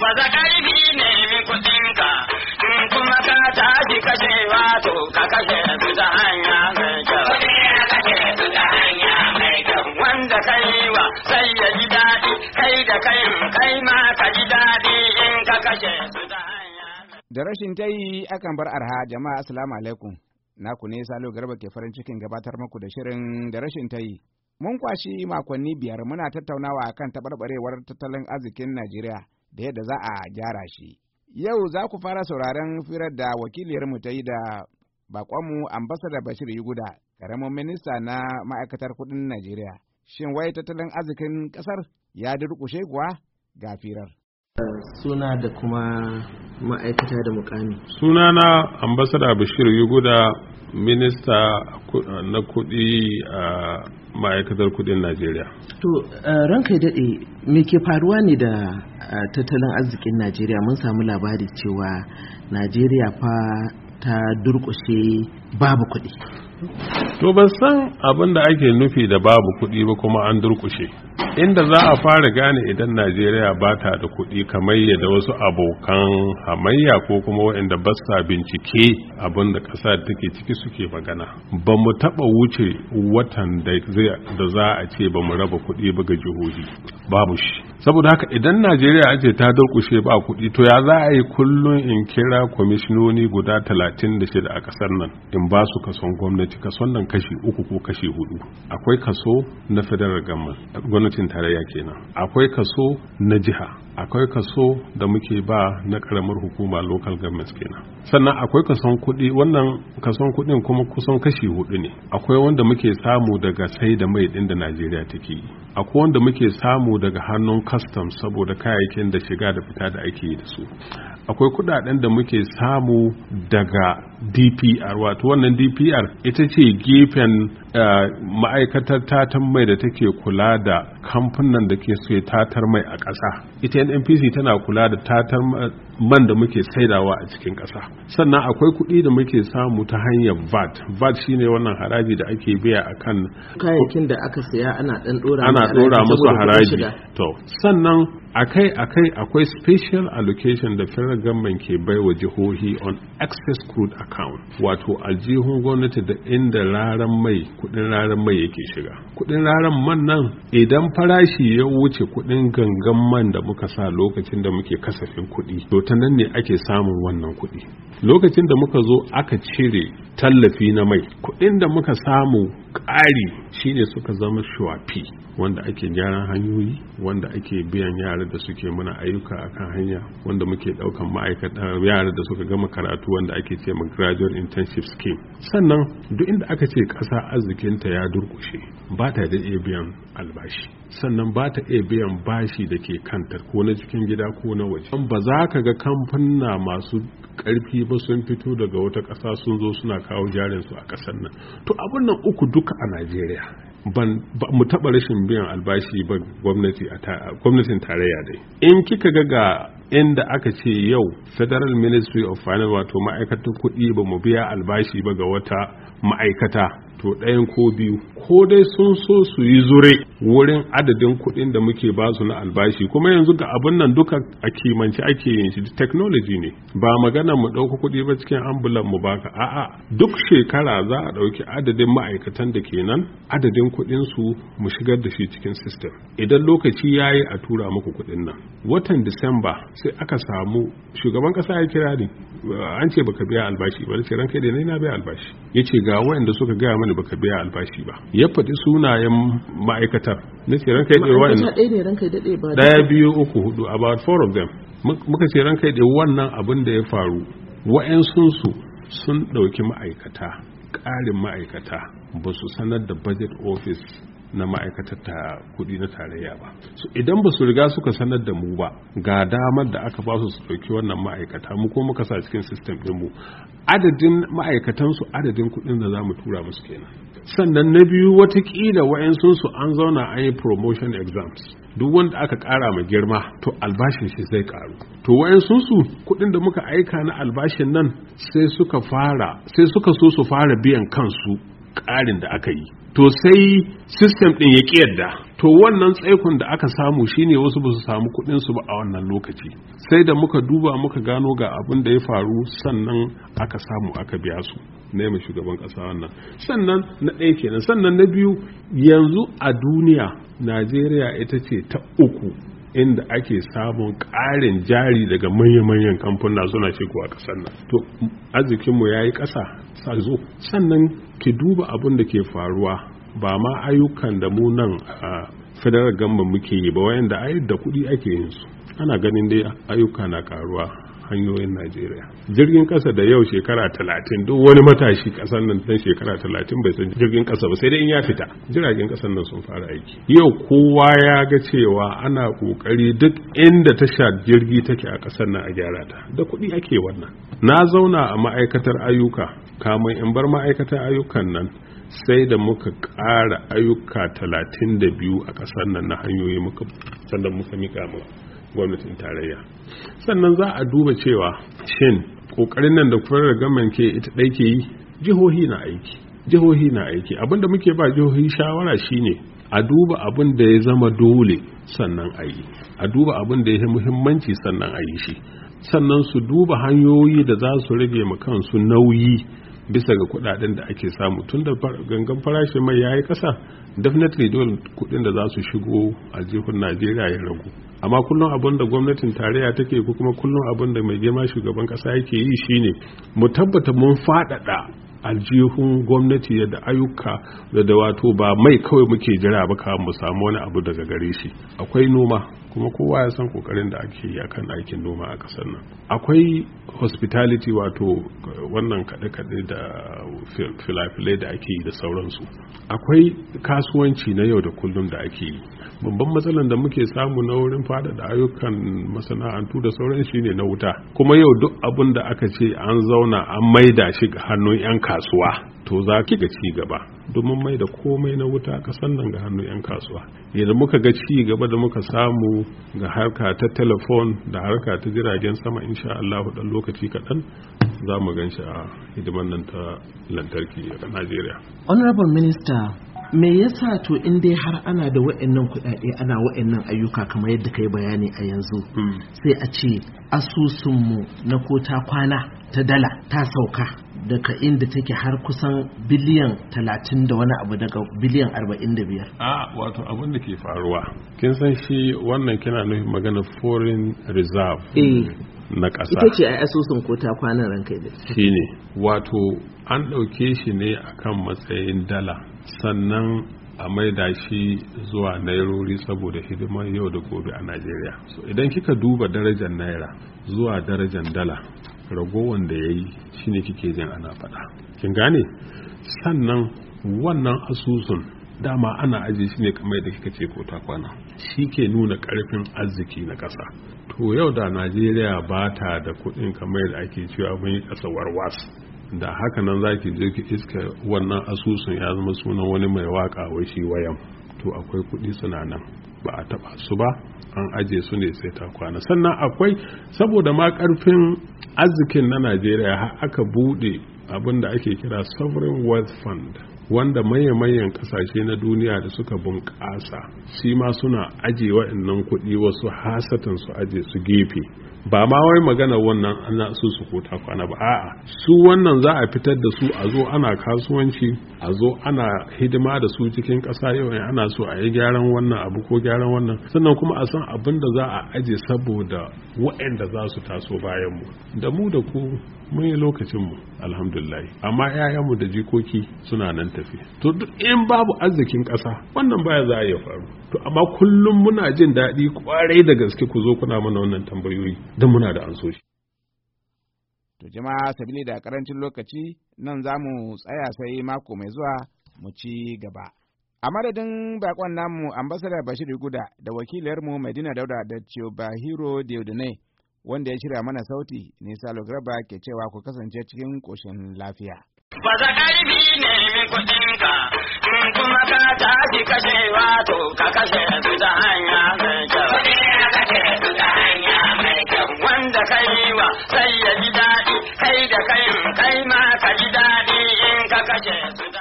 Baza ƙarfi nemi kuɗinka, in kuma ka tashi kashe wato ka kashe su hanya mai kyau. Kuɗi ya kashe su hanya mai kyau. Wanda ka yi wa sai ya ji daɗi, kai da kai kai ma ka ji daɗi in ka kashe su ta hanya. Da rashin ta yi akan bar arha jama'a assalamu alaikum. Naku ne Salo Garba ke farin cikin gabatar muku da shirin da rashin ta yi. Mun kwashi makonni biyar muna tattaunawa akan taɓarɓarewar tattalin arzikin Najeriya. da yadda za a gyara shi. Yau za ku fara sauraron firar da wakiliyarmu ta yi da bakonmu Ambasadar Bashir Yuguda, karamin minista na ma'aikatar kudin Najeriya. Shin wai tattalin arzikin ƙasar ya durƙushe kuwa ga firar. Suna da kuma ma'aikata da mukami. Suna na ambasada Bashir Yuguda, minista na kuɗi a ma'aikatar kudin najeriya to eh, ranka daɗe me ke faruwa ne da eh, tattalin arzikin najeriya mun samu labari cewa najeriya fa ta durƙushe babu kuɗi to ban san abin da ake nufi da babu kuɗi ba kuma an durƙushe inda za a fara gane idan najeriya ba ta da kuɗi kamar yadda wasu abokan hamayya ko kuma waɗanda ba sa bincike abin da ƙasa take ciki suke magana ba mu taɓa wuce watan da za a ce ba mu raba kuɗi ba ga jihohi babu shi saboda haka idan najeriya a ce ta durkushe ba kuɗi to ya za a yi kullum in kira kwamishinoni guda talatin da shida a ƙasar nan in ba su kason gwamnati kason nan kashi uku ko kashi hudu akwai kaso na federal government gwamnatin tarayya kenan akwai kaso na jiha akwai kaso da muke ba na karamar hukuma local government kenan sannan akwai kason kuɗi wannan kason kuɗin kuma kusan kashi hudu ne akwai wanda muke samu daga sai da mai ɗin da najeriya take yi akwai wanda muke samu daga hannun customs saboda kayayyakin da shiga da fita da ake yi da su akwai kudaden da muke samu daga dpr wato wannan dpr ita ce gefen eh, ma'aikatar tatar mai da take kula da kamfanin da ke so tatar mai a ƙasa ita npc tana kula da tatar man da muke saidawa a cikin ƙasa sannan akwai kuɗi da muke samu ta hanyar vat vat shine wannan haraji da ake biya a kan kayayyakin da aka saya ana ɗan ɗora ana ɗora musu haraji to sannan akai akai akwai special allocation da federal government ke baiwa jihohi on excess crude account wato aljihun gwamnati da inda raran mai kudin raran mai yake shiga kudin raran man nan idan farashi ya wuce kudin gangan man da muka sa lokacin da muke kasafin kudi ta nan ne ake samun wannan kuɗi lokacin da muka zo aka cire tallafi na mai kuɗin da muka samu ƙari shine suka zama shuwafi wanda ake gyaran hanyoyi wanda ake biyan yara da suke muna ayyuka akan hanya wanda muke ɗaukan ma'aikata yara da suka gama karatu wanda ake ce ma graduate internship scheme sannan duk inda aka ce ƙasa arzikinta ya durkushe ba ta da iya biyan albashi sannan ba ta iya biyan bashi da ke kanta ko na cikin gida ko na waje ba za ka ga kamfanna masu ƙarfi ba sun fito daga wata ƙasa sun zo suna kawo jarinsu a ƙasar nan to abin nan uku duka a najeriya ban mu taɓa rashin biyan albashi ba gwamnati, gwamnatin tarayya dai in kika ga ga inda aka ce yau federal ministry of finance wato ma'aikatan kuɗi ba mu biya albashi ba ga wata ma'aikata to ɗayan ko biyu ko dai sun so su yi zure wurin adadin kuɗin da muke ba su na albashi kuma yanzu ga abin nan duka a kimanci ake yin shi technology ne ba magana mu ɗauka kuɗi ba cikin ambulan mu baka a'a duk shekara za a ɗauki adadin ma'aikatan da ke nan adadin kuɗin su mu shigar da shi cikin system idan lokaci ya yi a tura muku kuɗin nan watan disamba sai aka samu shugaban ƙasa ya kira ni an ce baka biya albashi ba ce ranka da na biya albashi ya ce ga waɗanda suka gaya mana wani baka biya albashi ba ya faɗi sunayen ma'aikatar na ce ranka ya ɗewa ina ɗaya biyu uku hudu about four of them muka ce ranka ya ɗewa wannan abin da ya faru su sun ɗauki ma'aikata ƙarin ma'aikata ba su sanar da budget office na ma'aikatar ta kudi na tarayya ba idan ba su riga suka sanar da mu ba ga damar da aka ba su su ɗauki wannan ma'aikata mu ko muka sa cikin system ɗin mu adadin ma'aikatan su adadin kudin da za mu tura musu kenan sannan na biyu watakila su an zauna an yi promotion exams duk wanda aka ƙara ma girma to albashin shi zai ƙaru to su kudin da muka aika na albashin nan sai suka fara sai suka so su fara biyan kansu ƙarin da aka yi to sai system ɗin ya ƙiyarda to wannan tsaikon da aka samu shine wasu ba su samu su ba a wannan lokaci sai da muka duba muka gano ga abin da ya faru sannan aka samu aka biya su na shugaban ƙasa wannan sannan na ɗaya kenan sannan na biyu yanzu a duniya najeriya ita ce ta uku inda ake samun ƙarin jari daga manya-manyan kamfuna suna shigo a ƙasar nan to arzikinmu ya yi ƙasa sa zo sannan ki duba abin da ke faruwa ba ma ayyukan da mu nan a federal gamba muke yi ba da ai da kuɗi ake yin su ana ganin dai ayyuka na karuwa hanyoyin najeriya jirgin kasa da yau shekara talatin duk wani matashi kasan nan dan shekara talatin bai san jirgin kasa ba sai dai in ya fita jiragen kasan nan sun fara aiki yau kowa ya ga cewa ana kokari duk inda tasha jirgi take a kasar nan a gyara ta da kuɗi ake wannan na zauna a ma'aikatar ayyuka kamar in bar ma'aikatar ayyukan nan sai da muka ƙara ayyuka talatin da biyu a ƙasar nan na hanyoyi muka sannan muka miƙa mu gwamnatin tarayya sannan za a duba cewa shin kokarin nan da kurar gaman ke ita ɗai ke yi jihohi na aiki jihohi na aiki abinda muke ba jihohi shawara shine a duba abin da ya zama dole sannan a yi a duba abin da ya muhimmanci sannan a yi shi sannan su duba hanyoyi da za su rage ma kansu nauyi bisa ga kudaden da ake samu tun da gangan farashin mai yayi kasa definitely dole kudin da za su shigo a jihun Najeriya ya ragu amma kullum abin da gwamnatin tarayya take ko kuma kullum abin da mai girma shugaban kasa yake yi shine mu tabbata mun faɗaɗa aljihun gwamnati da ayyuka da wato ba mai kawai muke jira ba kawai mu samu wani abu daga gare shi akwai noma kuma kowa ya san kokarin da ake yi akan aikin noma a kasar nan akwai hospitality wato wannan kaɗe-kaɗe da filafilai da ake yi da sauransu akwai kasuwanci na yau da kullum da ake yi babban matsalar da muke samu na wurin faɗaɗa ayyukan masana'antu da sauran shine na wuta kuma yau duk abin da aka ce an zauna an mai da shi ga hannun 'yan kasuwa to za ki ga ci gaba domin mai da komai na wuta kasan nan ga hannun 'yan kasuwa yadda muka ga ci gaba da muka samu ga harka ta telefon da harka ta jiragen sama insha Allah dan lokaci kaɗan za mu gan shi a hidiman nan ta lantarki a Najeriya. Honorable Minister me yasa to in dai har ana da wa'annan kuɗaɗe ana wa'annan ayyuka kamar yadda kai bayani a yanzu hmm. sai a ce asusunmu na ko ta kwana ta dala ta sauka daga inda take har kusan biliyan talatin da wani abu daga biliyan arba'in da biyar. a wato abin da ke faruwa kin san shi wannan kina nufin magana foreign reserve eh. na ƙasa ita ce a asusun ko ta kwanan ranka da shi ne wato an ɗauke shi ne akan matsayin dala sannan a maida shi zuwa nairori saboda hidimar yau da gobe a najeriya so idan kika duba darajar naira zuwa darajar dala ragowar da ya yi shine kike jin ana faɗa kin gane sannan wannan asusun dama ana aji shi ne kamar da kika ce ko takwana. kwana shi ke nuna ƙarfin arziki na ƙasa to yau da najeriya ba ta da kuɗin kamar da ake cewa mun yi ƙasa warwas da haka nan za je ki iska wannan asusun ya zama sunan wani mai waka wai shi wayan to akwai kuɗi nan, ba a taɓa su ba an aje su ne sai ta kwana sannan akwai saboda ma ƙarfin arzikin na najeriya har aka buɗe abin da ake kira sovereign wealth fund wanda manya-manyan kasashe na duniya da suka bunƙasa shi ma suna aje wa'annan kuɗi wasu hasatan su aje su gefe ba ma wai magana wannan ana su su kota kwana ba a'a su wannan za a fitar da su a zo ana kasuwanci a zo ana hidima da su cikin ƙasa yau in ana so a yi gyaran wannan abu ko gyaran wannan sannan kuma a san abin da za a aje saboda waɗanda za su taso bayanmu. da mu da ku mun yi lokacin mu alhamdulillah amma 'ya'yanmu da jikoki suna nan tafi to duk in babu arzikin ƙasa wannan baya za a iya faru to amma kullum muna jin daɗi kwarai da gaske ku zo kuna mana wannan tambayoyi don muna da ansoshi. To jama'a sabili da karancin lokaci nan za mu tsaya sai mako mai zuwa mu ci gaba. A madadin bakon namu ambasada Bashir Guda da wakilarmu Madina Dauda da Bahiro Deodone wanda ya shirya mana sauti nisa Lograba ke cewa ku kasance cikin koshin lafiya. Baza ƙarfi ne min kuɗinka, in kuma ka tashi kashe wato ka kashe su ta hanya mai kyau. Kuɗi ya kashe su ta hanya mai kyau. Wanda ka yi wa sai ya ji daɗi, kai da kai kai ma ka ji daɗi in ka kashe su ta